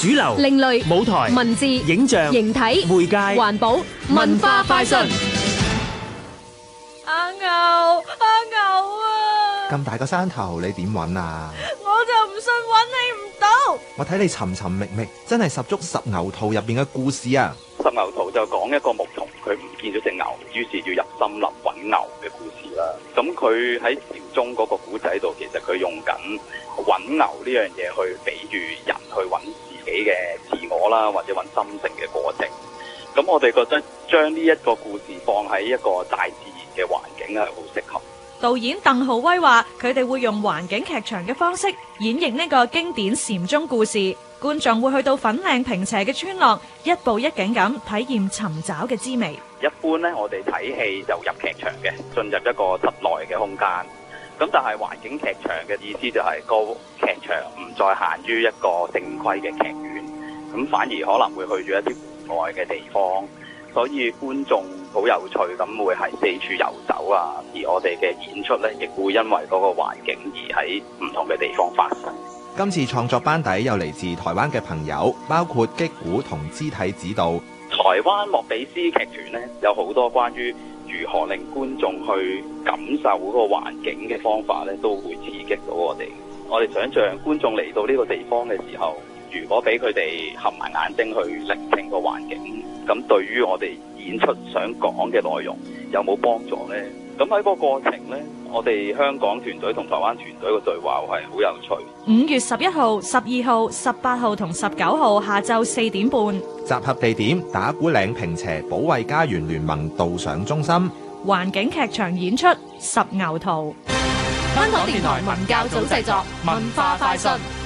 主流、另類舞台、文字、影像、形體、媒介、環保、文化、快訊。阿牛，阿牛啊！咁大個山頭，你點揾啊？我就唔信揾你唔到。我睇你尋尋覓覓，真係十足十牛圖入邊嘅故事啊！十牛圖就講一個牧童，佢唔見咗隻牛，於是要入森林揾牛嘅故事啦。咁佢喺禪宗嗰個古仔度，其實佢用緊揾牛呢樣嘢去比喻人。去揾自己嘅自我啦，或者揾心性嘅過程。咁我哋覺得將呢一個故事放喺一個大自然嘅環境係好適合。導演鄧浩威話，佢哋會用環境劇場嘅方式演繹呢個經典禪宗故事，觀眾會去到粉嶺坪輋嘅村落，一步一景咁體驗尋找嘅滋味。一般咧，我哋睇戲就入劇場嘅，進入一個室內嘅空間。咁但係環境劇場嘅意思就係個劇場唔再限於一個正規嘅劇院，咁反而可能會去咗一啲戶外嘅地方，所以觀眾好有趣咁會係四處游走啊。而我哋嘅演出呢，亦會因為嗰個環境而喺唔同嘅地方發生。今次創作班底有嚟自台灣嘅朋友，包括擊鼓同肢體指導，台灣莫比斯劇團呢有好多關於。如何令觀眾去感受嗰個環境嘅方法呢，都會刺激到我哋。我哋想象觀眾嚟到呢個地方嘅時候，如果俾佢哋合埋眼睛去聆聽個環境，咁對於我哋演出想講嘅內容有冇幫助呢？咁喺個過程呢，我哋香港團隊同台灣團隊嘅對話係好有趣。五月十一號、十二號、十八號同十九號下晝四點半，集合地點打鼓嶺坪輋保衛家園聯盟導賞中心。環境劇場演出《十牛圖》，香港電台文教組製作文化快訊。